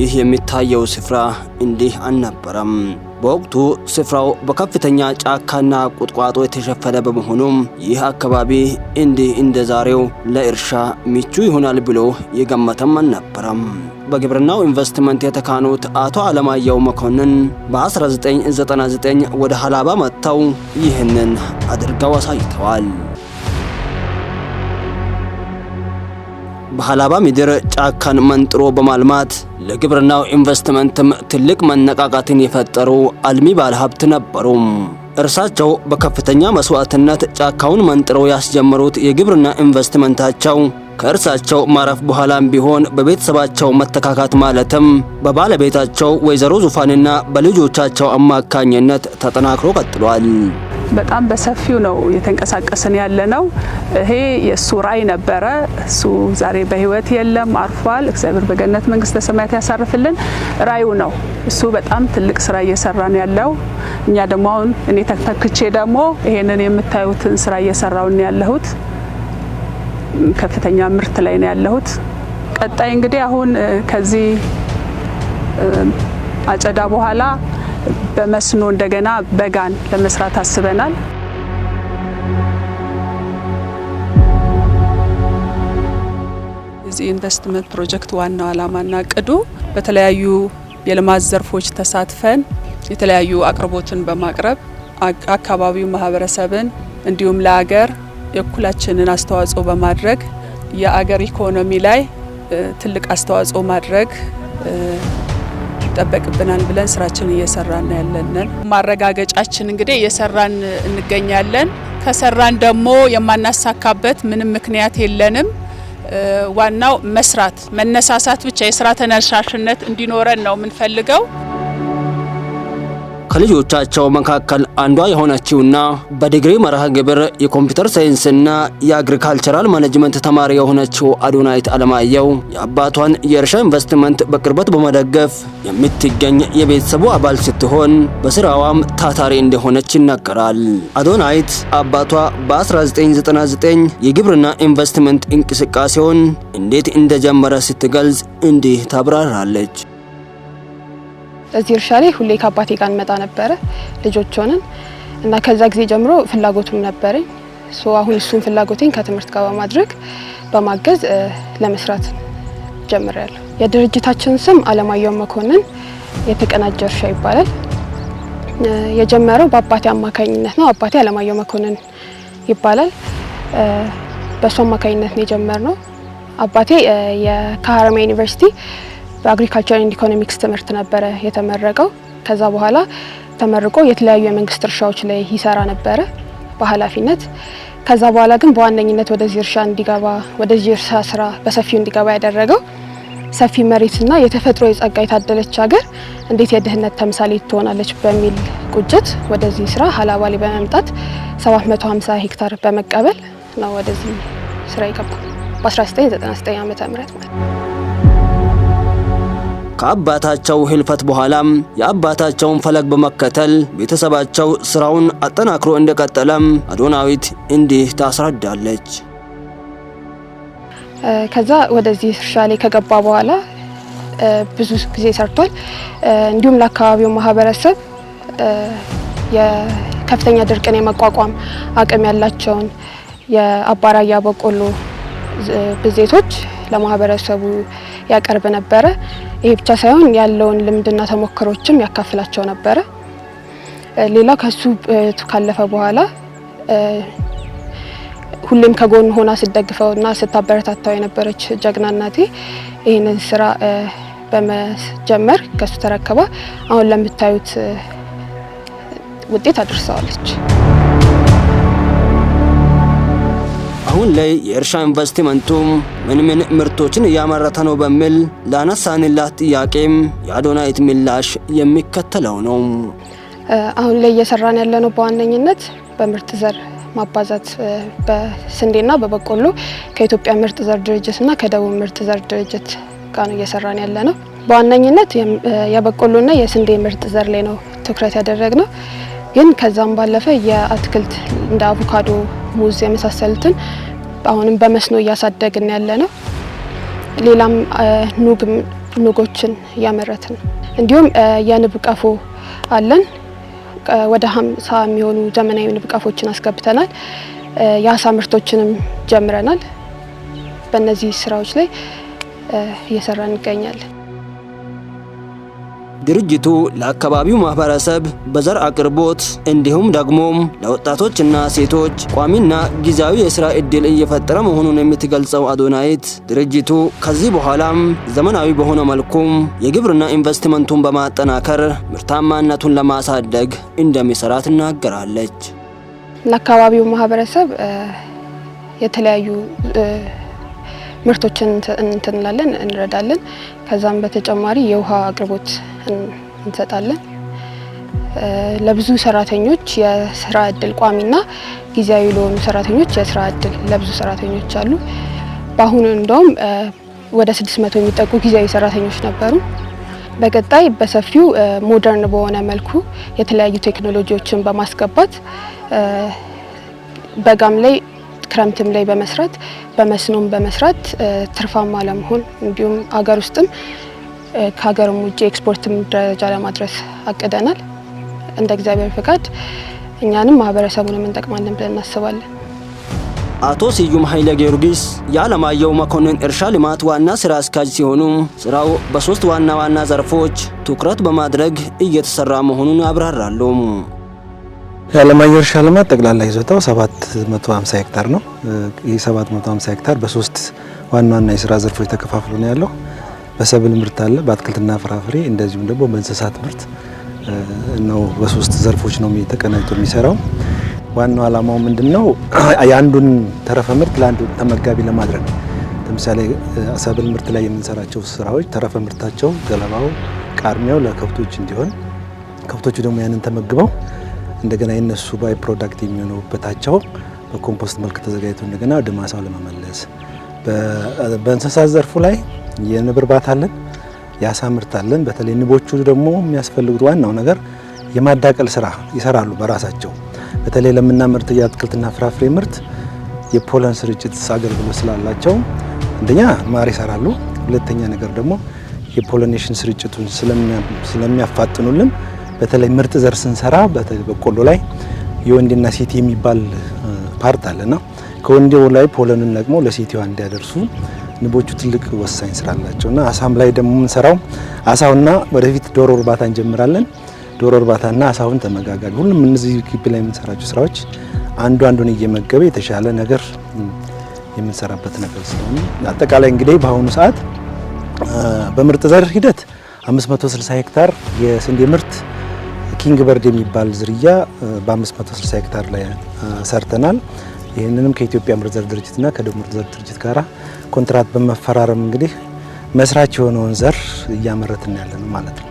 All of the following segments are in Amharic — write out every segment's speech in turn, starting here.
ይህ የሚታየው ስፍራ እንዲህ አልነበረም። በወቅቱ ስፍራው በከፍተኛ ጫካና ቁጥቋጦ የተሸፈነ በመሆኑም ይህ አካባቢ እንዲህ እንደ ዛሬው ለእርሻ ምቹ ይሆናል ብሎ የገመተም አልነበረም። በግብርናው ኢንቨስትመንት የተካኑት አቶ አለማየሁ መኮንን በ1999 ወደ ሀላባ መጥተው ይህንን አድርገው አሳይተዋል። በሀላባ ምድር ጫካን መንጥሮ በማልማት ለግብርናው ኢንቨስትመንትም ትልቅ መነቃቃትን የፈጠሩ አልሚ ባለሀብት ነበሩ። እርሳቸው በከፍተኛ መስዋዕትነት ጫካውን መንጥረው ያስጀመሩት የግብርና ኢንቨስትመንታቸው ከእርሳቸው ማረፍ በኋላም ቢሆን በቤተሰባቸው መተካካት ማለትም በባለቤታቸው ወይዘሮ ዙፋንና በልጆቻቸው አማካኝነት ተጠናክሮ ቀጥሏል። በጣም በሰፊው ነው የተንቀሳቀስን ያለ ነው። ይሄ የእሱ ራዕይ ነበረ። እሱ ዛሬ በህይወት የለም፣ አርፏል። እግዚአብሔር በገነት መንግስተ ሰማያት ያሳርፍልን። ራዕዩ ነው እሱ። በጣም ትልቅ ስራ እየሰራ ነው ያለው። እኛ ደግሞ አሁን እኔ ተክተክቼ ደግሞ ይሄንን የምታዩትን ስራ እየሰራው ነው ያለሁት። ከፍተኛ ምርት ላይ ነው ያለሁት። ቀጣይ እንግዲህ አሁን ከዚህ አጨዳ በኋላ በመስኖ እንደገና በጋን ለመስራት አስበናል። የዚህ ኢንቨስትመንት ፕሮጀክት ዋናው ዓላማና እቅዱ በተለያዩ የልማት ዘርፎች ተሳትፈን የተለያዩ አቅርቦትን በማቅረብ አካባቢው ማህበረሰብን እንዲሁም ለሀገር የእኩላችንን አስተዋጽኦ በማድረግ የአገር ኢኮኖሚ ላይ ትልቅ አስተዋጽኦ ማድረግ ይጠበቅብናል ብለን ስራችን እየሰራን ያለንን ማረጋገጫችን እንግዲህ እየሰራን እንገኛለን። ከሰራን ደግሞ የማናሳካበት ምንም ምክንያት የለንም። ዋናው መስራት መነሳሳት ብቻ የስራ ተነሳሽነት እንዲኖረን ነው የምንፈልገው። ከልጆቻቸው መካከል አንዷ የሆነችውና በዲግሪ መርሃ ግብር የኮምፒውተር ሳይንስና የአግሪካልቸራል ማኔጅመንት ተማሪ የሆነችው አዶናይት አለማየሁ የአባቷን የእርሻ ኢንቨስትመንት በቅርበት በመደገፍ የምትገኝ የቤተሰቡ አባል ስትሆን በስራዋም ታታሪ እንደሆነች ይናገራል። አዶናይት አባቷ በ1999 የግብርና ኢንቨስትመንት እንቅስቃሴውን እንዴት እንደጀመረ ስትገልጽ እንዲህ ታብራራለች። እዚህ እርሻ ላይ ሁሌ ከአባቴ ጋር እንመጣ ነበረ ልጆች ሆነን እና ከዛ ጊዜ ጀምሮ ፍላጎቱም ነበረኝ። አሁን እሱን ፍላጎቴን ከትምህርት ጋር በማድረግ በማገዝ ለመስራት ጀምሬያለሁ። የድርጅታችን ስም አለማየሁ መኮንን የተቀናጀ እርሻ ይባላል። የጀመረው በአባቴ አማካኝነት ነው። አባቴ አለማየሁ መኮንን ይባላል። በእሱ አማካኝነት ነው የጀመርነው። አባቴ ከሀረማያ ዩኒቨርሲቲ በአግሪካልቸር ኤንድ ኢኮኖሚክስ ትምህርት ነበረ የተመረቀው። ከዛ በኋላ ተመርቆ የተለያዩ የመንግስት እርሻዎች ላይ ይሰራ ነበረ በኃላፊነት። ከዛ በኋላ ግን በዋነኝነት ወደዚህ እርሻ እንዲገባ ወደዚህ እርሻ ስራ በሰፊው እንዲገባ ያደረገው ሰፊ መሬትና የተፈጥሮ የጸጋ የታደለች ሀገር እንዴት የድህነት ተምሳሌ ትሆናለች በሚል ቁጭት ወደዚህ ስራ ሀላባሌ በመምጣት 750 ሄክታር በመቀበል ነው ወደዚህ ስራ የገባው በ1999 ዓ ም ማለት ከአባታቸው ህልፈት በኋላም የአባታቸውን ፈለግ በመከተል ቤተሰባቸው ስራውን አጠናክሮ እንደቀጠለም አዶናዊት እንዲህ ታስረዳለች። ከዛ ወደዚህ እርሻ ላይ ከገባ በኋላ ብዙ ጊዜ ሰርቷል። እንዲሁም ለአካባቢው ማህበረሰብ የከፍተኛ ድርቅን የመቋቋም አቅም ያላቸውን የአባራያ በቆሎ ብዜቶች ለማህበረሰቡ ያቀርብ ነበረ። ይሄ ብቻ ሳይሆን ያለውን ልምድና ተሞክሮችም ያካፍላቸው ነበረ። ሌላው ከሱ ካለፈ በኋላ ሁሌም ከጎን ሆና ስትደግፈውና ስታበረታታው የነበረች ጀግና እናቴ ይህንን ስራ በመጀመር ከሱ ተረክባ አሁን ለምታዩት ውጤት አድርሰዋለች። አሁን ላይ የእርሻ ኢንቨስትመንቱ ምን ምን ምርቶችን እያመረተ ነው በሚል ለአነሳንላት ጥያቄም የአዶናይት ምላሽ የሚከተለው ነው። አሁን ላይ እየሰራን ያለነው በዋነኝነት በምርጥ ዘር ማባዛት በስንዴና በበቆሎ ከኢትዮጵያ ምርጥ ዘር ድርጅትና ከደቡብ ምርጥ ዘር ድርጅት ጋር ነው እየሰራን ያለ ነው። በዋነኝነት የበቆሎና የስንዴ ምርጥ ዘር ላይ ነው ትኩረት ያደረግ ነው። ግን ከዛም ባለፈ የአትክልት እንደ አቮካዶ፣ ሙዝ የመሳሰሉትን አሁንም በመስኖ እያሳደግን ያለ ነው። ሌላም ኑጎችን እያመረትን ነው። እንዲሁም የንብ ቀፎ አለን። ወደ ሀምሳ የሚሆኑ ዘመናዊ ንብ ቀፎችን አስገብተናል። የአሳ ምርቶችንም ጀምረናል። በእነዚህ ስራዎች ላይ እየሰራ እንገኛለን። ድርጅቱ ለአካባቢው ማህበረሰብ በዘር አቅርቦት እንዲሁም ደግሞም ለወጣቶችና ሴቶች ቋሚና ጊዜያዊ የስራ እድል እየፈጠረ መሆኑን የምትገልጸው አዶናይት ድርጅቱ ከዚህ በኋላም ዘመናዊ በሆነ መልኩም የግብርና ኢንቨስትመንቱን በማጠናከር ምርታማነቱን ለማሳደግ እንደሚሰራ ትናገራለች። ለአካባቢው ማህበረሰብ የተለያዩ ምርቶችን እንትንላለን እንረዳለን። ከዛም በተጨማሪ የውሃ አቅርቦት እንሰጣለን። ለብዙ ሰራተኞች የስራ እድል ቋሚና ጊዜያዊ ለሆኑ ሰራተኞች የስራ እድል ለብዙ ሰራተኞች አሉ። በአሁኑ እንደውም ወደ 600 የሚጠጉ ጊዜያዊ ሰራተኞች ነበሩ። በቀጣይ በሰፊው ሞደርን በሆነ መልኩ የተለያዩ ቴክኖሎጂዎችን በማስገባት በጋም ላይ ክረምትም ላይ በመስራት በመስኖም በመስራት ትርፋማ ለመሆን እንዲሁም አገር ውስጥም ከሀገርም ውጭ ኤክስፖርትም ደረጃ ለማድረስ አቅደናል። እንደ እግዚአብሔር ፍቃድ እኛንም ማህበረሰቡንም እንጠቅማለን ብለን እናስባለን። አቶ ስዩም ኃይለ ጊዮርጊስ የአለማየሁ መኮንን እርሻ ልማት ዋና ስራ አስኪያጅ ሲሆኑ ስራው በሶስት ዋና ዋና ዘርፎች ትኩረት በማድረግ እየተሰራ መሆኑን ያብራራሉ። የዓለማየሁ እርሻ ልማት ጠቅላላ ይዞታው 750 ሄክታር ነው። ይህ 750 ሄክታር በሶስት ዋና ዋና የስራ ዘርፎች ተከፋፍሎ ነው ያለው። በሰብል ምርት አለ፣ በአትክልትና ፍራፍሬ እንደዚሁም ደግሞ በእንስሳት ምርት ነው። በሶስት ዘርፎች ነው ተቀናጅቶ የሚሰራው። ዋናው አላማው ምንድን ነው? የአንዱን ተረፈ ምርት ለአንዱ ተመጋቢ ለማድረግ ለምሳሌ ሰብል ምርት ላይ የምንሰራቸው ስራዎች ተረፈ ምርታቸው ገለባው፣ ቃርሚያው ለከብቶች እንዲሆን ከብቶቹ ደግሞ ያንን ተመግበው እንደገና የነሱ ባይ ፕሮዳክት የሚሆኑበታቸው በኮምፖስት መልክ ተዘጋጅቶ እንደገና ወደ ማሳው ለመመለስ በእንስሳት ዘርፉ ላይ የንብ እርባታ አለን፣ የአሳ ምርት አለን። በተለይ ንቦቹ ደግሞ የሚያስፈልጉት ዋናው ነገር የማዳቀል ስራ ይሰራሉ በራሳቸው በተለይ ለምናመርት የአትክልትና ፍራፍሬ ምርት የፖለን ስርጭት አገልግሎት ስላላቸው አንደኛ ማር ይሰራሉ፣ ሁለተኛ ነገር ደግሞ የፖለኔሽን ስርጭቱን ስለሚያፋጥኑልን በተለይ ምርጥ ዘር ስንሰራ በቆሎ ላይ የወንድና ሴት የሚባል ፓርት አለና ከወንዴው ላይ ፖለኑን ነቅሞ ለሴትዋ እንዲያደርሱ ንቦቹ ትልቅ ወሳኝ ስራ አላቸው እና አሳም ላይ ደግሞ የምንሰራው አሳውና ወደፊት ዶሮ እርባታ እንጀምራለን። ዶሮ እርባታና አሳውን ተመጋጋል። ሁሉም እነዚህ ግቢ ላይ የምንሰራቸው ስራዎች አንዱ አንዱን እየመገበ የተሻለ ነገር የምንሰራበት ነገር ስለሆነ አጠቃላይ እንግዲህ በአሁኑ ሰዓት በምርጥ ዘር ሂደት 560 ሄክታር የስንዴ ምርት ኪንግ በርድ የሚባል ዝርያ በ560 ሄክታር ላይ ሰርተናል። ይህንንም ከኢትዮጵያ ምርጥ ዘር ድርጅትና ከደቡብ ምርጥ ዘር ድርጅት ጋር ኮንትራት በመፈራረም እንግዲህ መስራች የሆነውን ዘር እያመረትን ያለ ነው ማለት ነው።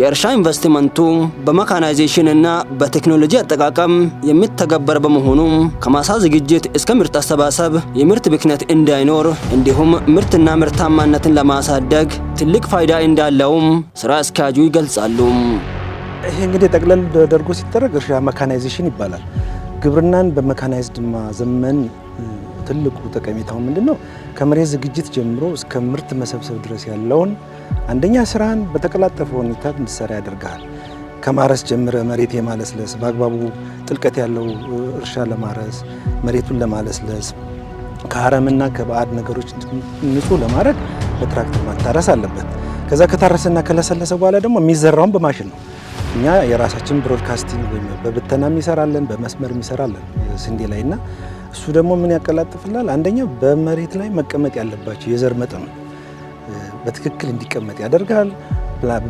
የእርሻ ኢንቨስትመንቱ በመካናይዜሽን እና በቴክኖሎጂ አጠቃቀም የሚተገበር በመሆኑ ከማሳ ዝግጅት እስከ ምርት አሰባሰብ የምርት ብክነት እንዳይኖር እንዲሁም ምርትና ምርታማነትን ለማሳደግ ትልቅ ፋይዳ እንዳለውም ስራ አስኪያጁ ይገልጻሉ። ይሄ እንግዲህ ጠቅለል ደርጎ ሲደረግ እርሻ መካናይዜሽን ይባላል። ግብርናን በመካናይዝድ ማዘመን ትልቁ ጠቀሜታው ምንድን ነው? ከመሬት ዝግጅት ጀምሮ እስከ ምርት መሰብሰብ ድረስ ያለውን አንደኛ ስራን በተቀላጠፈ ሁኔታ እንድትሰራ ያደርጋል ከማረስ ጀምረ መሬት የማለስለስ በአግባቡ ጥልቀት ያለው እርሻ ለማረስ መሬቱን ለማለስለስ ከአረምና ከባዕድ ነገሮች ንጹህ ለማድረግ በትራክተር ማታረስ አለበት። ከዛ ከታረሰና ከለሰለሰ በኋላ ደግሞ የሚዘራውን በማሽን ነው እኛ የራሳችን ብሮድካስቲንግ ወይም በብተና የሚሰራለን በመስመር የሚሰራለን ስንዴ ላይ እና እሱ ደግሞ ምን ያቀላጥፍላል? አንደኛ በመሬት ላይ መቀመጥ ያለባቸው የዘር መጠኑ በትክክል እንዲቀመጥ ያደርጋል።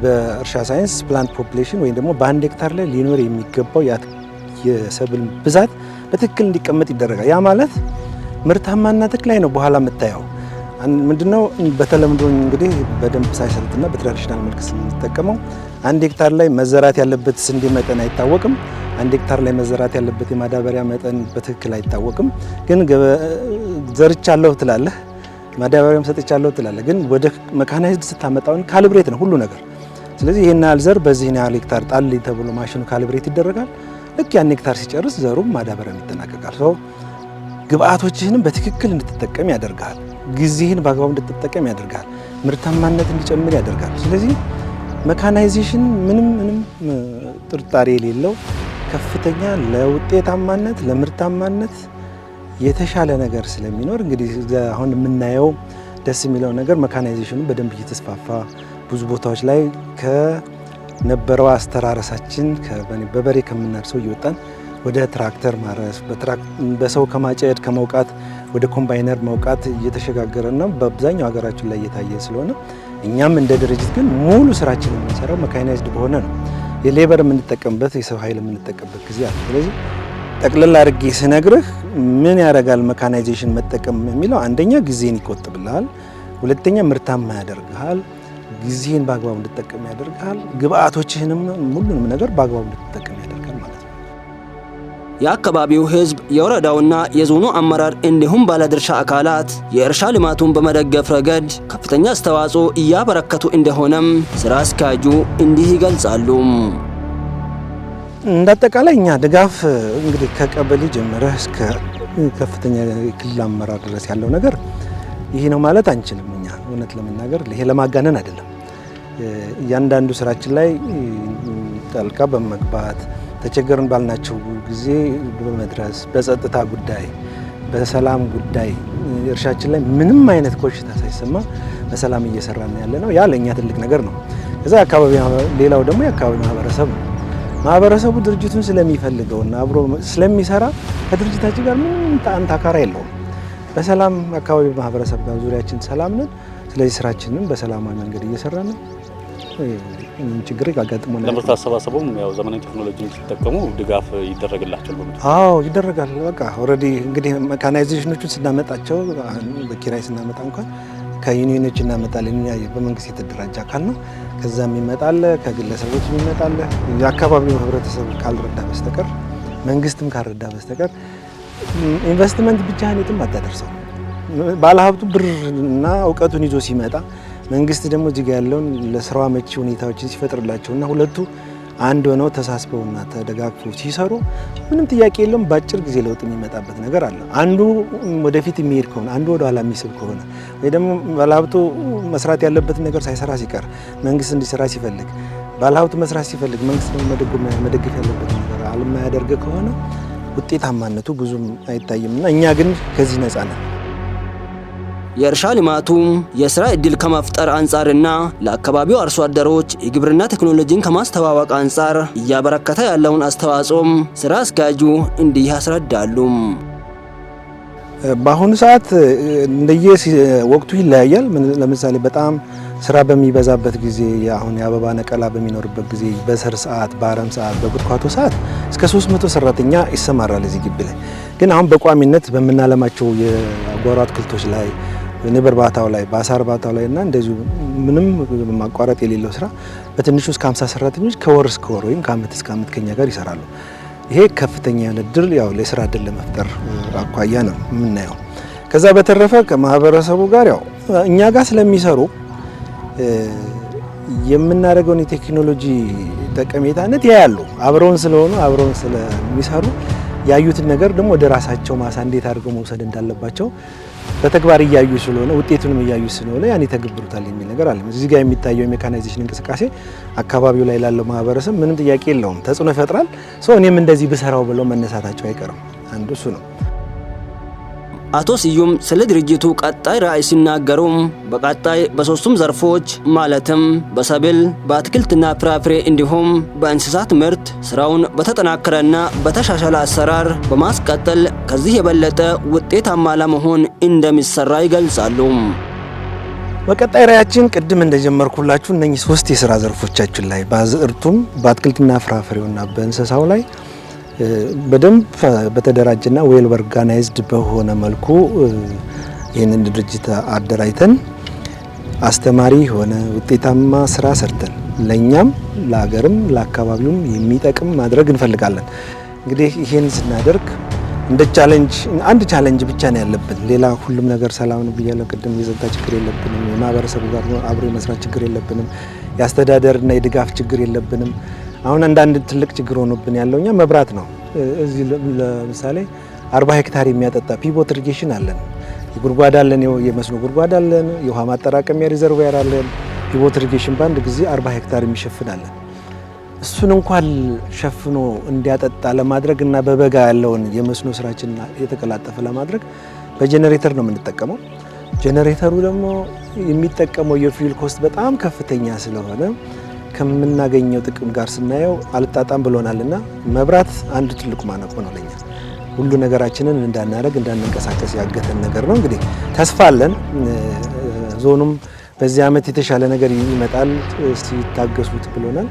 በእርሻ ሳይንስ ፕላንት ፖፕሌሽን ወይም ደግሞ በአንድ ሄክታር ላይ ሊኖር የሚገባው የሰብል ብዛት በትክክል እንዲቀመጥ ይደረጋል። ያ ማለት ምርታማና ተክል ላይ ነው በኋላ የምታየው ምንድነው በተለምዶ እንግዲህ በደንብ ሳይሰልጥና በትራዲሽናል መልክ ስንጠቀመው አንድ ሄክታር ላይ መዘራት ያለበት ስንዴ መጠን አይታወቅም። አንድ ሄክታር ላይ መዘራት ያለበት የማዳበሪያ መጠን በትክክል አይታወቅም። ግን ዘርቻለሁ ትላለህ፣ ማዳበሪያም ሰጥቻለሁ ትላለህ። ግን ወደ መካናይዝድ ስታመጣውን ካልብሬት ነው ሁሉ ነገር። ስለዚህ ይህን ያህል ዘር በዚህ ያህል ሄክታር ጣል ተብሎ ማሽኑ ካልብሬት ይደረጋል። ልክ ያን ሄክታር ሲጨርስ ዘሩም ማዳበሪያም ይጠናቀቃል። ግብአቶችህንም በትክክል እንድትጠቀም ያደርጋል። ጊዜህን በአግባቡ እንድትጠቀም ያደርጋል። ምርታማነት እንዲጨምር ያደርጋል። ስለዚህ መካናይዜሽን ምንም ምንም ጥርጣሬ የሌለው ከፍተኛ ለውጤታማነት ለምርታማነት የተሻለ ነገር ስለሚኖር እንግዲህ አሁን የምናየው ደስ የሚለው ነገር መካናይዜሽኑ በደንብ እየተስፋፋ ብዙ ቦታዎች ላይ ከነበረው አስተራረሳችን በበሬ ከምናርሰው እየወጣን ወደ ትራክተር ማረስ በሰው ከማጨድ ከመውቃት ወደ ኮምባይነር መውቃት ነው በአብዛኛው ሀገራችን ላይ እየታየ ስለሆነ እኛም እንደ ድርጅት ግን ሙሉ ስራችን የምንሰራው መካናይዝድ በሆነ ነው። የሌበር የምንጠቀምበት የሰው ኃይል የምንጠቀምበት ጊዜ አለ። ስለዚህ ጠቅልል አድርጌ ስነግርህ ምን ያደርጋል መካናይዜሽን መጠቀም የሚለው አንደኛ ጊዜን ይቆጥብልሃል፣ ሁለተኛ ምርታማ ያደርግሃል፣ ጊዜን በአግባቡ እንድጠቀም ያደርግሃል፣ ግብአቶችህንም ሁሉንም ነገር በአግባቡ እንድትጠቀም የአካባቢው ህዝብ፣ የወረዳውና የዞኑ አመራር እንዲሁም ባለድርሻ አካላት የእርሻ ልማቱን በመደገፍ ረገድ ከፍተኛ አስተዋጽኦ እያበረከቱ እንደሆነም ስራ አስኪያጁ እንዲህ ይገልጻሉ። እንዳጠቃላይ እኛ ድጋፍ እንግዲህ ከቀበሌ ጀምረ እስከ ከፍተኛ ክልል አመራር ድረስ ያለው ነገር ይህ ነው ማለት አንችልም። እኛ እውነት ለመናገር ይሄ ለማጋነን አይደለም። እያንዳንዱ ስራችን ላይ ጠልቃ በመግባት ተቸገርን ባልናቸው ጊዜ በመድረስ በጸጥታ ጉዳይ፣ በሰላም ጉዳይ እርሻችን ላይ ምንም አይነት ኮሽታ ሳይሰማ በሰላም እየሰራን ያለ ነው። ያ ለእኛ ትልቅ ነገር ነው። እዛ አካባቢ ሌላው ደግሞ የአካባቢ ማህበረሰብ ነው። ማህበረሰቡ ድርጅቱን ስለሚፈልገው ና አብሮ ስለሚሰራ ከድርጅታችን ጋር ምንም ጣንት አካራ የለውም። በሰላም አካባቢ ማህበረሰብ ጋር ዙሪያችን ሰላም ነን። ስለዚህ ስራችንን በሰላማዊ መንገድ እየሰራ ነው። ችግር ያጋጥመናል። ለምርት አሰባሰቡም ያው ዘመናዊ ቴክኖሎጂ ሲጠቀሙ ድጋፍ ይደረግላቸው? አዎ ይደረጋል። በቃ ኦልሬዲ እንግዲህ መካናይዜሽኖቹ ስናመጣቸው በኪራይ ስናመጣ እንኳን ከዩኒዮኖች እናመጣለን። እኛ በመንግስት የተደራጀ አካል ነው። ከዛም ይመጣል፣ ከግለሰቦች ይመጣል። የአካባቢው ህብረተሰብ ካልረዳ በስተቀር መንግስትም ካልረዳ በስተቀር ኢንቨስትመንት ብቻህን የትም አታደርሰው። ባለሀብቱ ብርና እውቀቱን ይዞ ሲመጣ መንግስት ደግሞ ጋር ያለውን ለስራዋ መቺ ሁኔታዎችን ሲፈጥርላቸው እና ሁለቱ አንድ ሆነው ተሳስበውና ተደጋግፈው ሲሰሩ ምንም ጥያቄ የለውም በአጭር ጊዜ ለውጥ የሚመጣበት ነገር አለ። አንዱ ወደፊት የሚሄድ ከሆነ አንዱ ወደ ኋላ የሚስብ ከሆነ ወይ ደግሞ ባለሀብቱ መስራት ያለበትን ነገር ሳይሰራ ሲቀር መንግስት እንዲሰራ ሲፈልግ፣ ባለሀብቱ መስራት ሲፈልግ መንግስት መደገፍ ያለበት ነገር አለማያደርግ ከሆነ ውጤታማነቱ ብዙም አይታይም እና እኛ ግን ከዚህ ነጻ ነን። የእርሻ ልማቱ የስራ እድል ከመፍጠር አንጻርና ለአካባቢው አርሶ አደሮች የግብርና ቴክኖሎጂን ከማስተዋወቅ አንጻር እያበረከተ ያለውን አስተዋጽኦም ስራ አስኪያጁ እንዲህ ያስረዳሉ። በአሁኑ ሰዓት እንደየ ወቅቱ ይለያያል። ለምሳሌ በጣም ስራ በሚበዛበት ጊዜ አሁን የአበባ ነቀላ በሚኖርበት ጊዜ በሰር ሰዓት፣ በአረም ሰዓት፣ በቁጥኳቶ ሰዓት እስከ 300 ሰራተኛ ይሰማራል እዚህ ግቢ ላይ። ግን አሁን በቋሚነት በምናለማቸው የጓሮ አትክልቶች ላይ ንብ እርባታው ላይ በአሳ እርባታው ላይ እና እንደዚሁ ምንም ማቋረጥ የሌለው ስራ በትንሹ እስከ 50 ሰራተኞች ከወር እስከ ወር ወይም ከአመት እስከ አመት ከኛ ጋር ይሰራሉ። ይሄ ከፍተኛ የሆነ እድል ያው ለስራ እድል ለመፍጠር አኳያ ነው የምናየው። ከዛ በተረፈ ከማህበረሰቡ ጋር ያው እኛ ጋር ስለሚሰሩ የምናደርገውን የቴክኖሎጂ ጠቀሜታነት ያያሉ። አብረውን ስለሆኑ አብረውን ስለሚሰሩ ያዩትን ነገር ደግሞ ወደ ራሳቸው ማሳ እንዴት አድርገው መውሰድ እንዳለባቸው በተግባር እያዩ ስለሆነ ውጤቱንም እያዩ ስለሆነ ያን ይተገብሩታል የሚል ነገር አለ። እዚህ ጋር የሚታየው የሜካናይዜሽን እንቅስቃሴ አካባቢው ላይ ላለው ማህበረሰብ ምንም ጥያቄ የለውም፣ ተጽዕኖ ይፈጥራል። ሰው እኔም እንደዚህ ብሰራው ብለው መነሳታቸው አይቀርም። አንዱ እሱ ነው። አቶ ስዩም ስለ ድርጅቱ ቀጣይ ራዕይ ሲናገሩ በቀጣይ በሶስቱም ዘርፎች ማለትም በሰብል፣ በአትክልትና ፍራፍሬ እንዲሁም በእንስሳት ምርት ስራውን በተጠናከረና በተሻሻለ አሰራር በማስቀጠል ከዚህ የበለጠ ውጤታማ ለመሆን እንደሚሰራ ይገልጻሉ። በቀጣይ ራዕያችን ቅድም እንደጀመርኩላችሁ እነኚህ ሶስት የስራ ዘርፎቻችን ላይ በአዝርቱም፣ በአትክልትና ፍራፍሬውና በእንስሳው ላይ በደንብ በተደራጀና ዌል ኦርጋናይዝድ በሆነ መልኩ ይህንን ድርጅት አደራጅተን አስተማሪ የሆነ ውጤታማ ስራ ሰርተን ለእኛም ለሀገርም ለአካባቢውም የሚጠቅም ማድረግ እንፈልጋለን። እንግዲህ ይህን ስናደርግ እንደ ቻለንጅ አንድ ቻለንጅ ብቻ ነው ያለብን። ሌላ ሁሉም ነገር ሰላም ነው ብያለሁ ቅድም። የጸጥታ ችግር የለብንም። የማህበረሰቡ ጋር አብሮ የመስራት ችግር የለብንም። የአስተዳደርና የድጋፍ ችግር የለብንም። አሁን አንዳንድ ትልቅ ችግር ሆኖብን ያለው እኛ መብራት ነው። እዚህ ለምሳሌ 40 ሄክታር የሚያጠጣ ፒቦት ኢሪጌሽን አለን፣ ጉድጓድ አለን፣ የመስኖ ጉድጓድ አለን፣ የውሃ ማጠራቀሚያ ሪዘርቫየር አለን። ፒቦት ኢሪጌሽን በአንድ ጊዜ 40 ሄክታር የሚሸፍን አለን። እሱን እንኳን ሸፍኖ እንዲያጠጣ ለማድረግ እና በበጋ ያለውን የመስኖ ስራችን የተቀላጠፈ ለማድረግ በጀኔሬተር ነው የምንጠቀመው። ጀኔሬተሩ ደግሞ የሚጠቀመው የፊውል ኮስት በጣም ከፍተኛ ስለሆነ ከምናገኘው ጥቅም ጋር ስናየው አልጣጣም ብሎናል እና መብራት አንዱ ትልቁ ማነቆ ነው ለኛ። ሁሉ ነገራችንን እንዳናደርግ እንዳንንቀሳቀስ ያገተን ነገር ነው። እንግዲህ ተስፋ አለን። ዞኑም በዚህ ዓመት የተሻለ ነገር ይመጣል ሲታገሱት ብሎናል።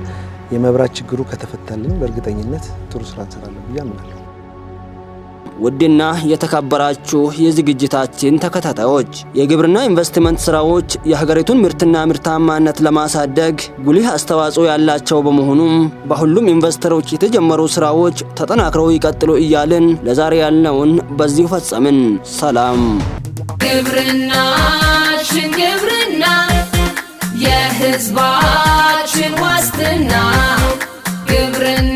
የመብራት ችግሩ ከተፈታልን በእርግጠኝነት ጥሩ ስራ እንሰራለን ብዬ አምናለሁ። ውድና የተከበራችሁ የዝግጅታችን ተከታታዮች የግብርና ኢንቨስትመንት ስራዎች የሀገሪቱን ምርትና ምርታማነት ለማሳደግ ጉልህ አስተዋጽኦ ያላቸው በመሆኑም በሁሉም ኢንቨስተሮች የተጀመሩ ስራዎች ተጠናክረው ይቀጥሉ እያልን ለዛሬ ያልነውን በዚሁ ፈጸምን። ሰላም። ግብርናችን ግብርና የህዝባችን ዋስትና ግብርና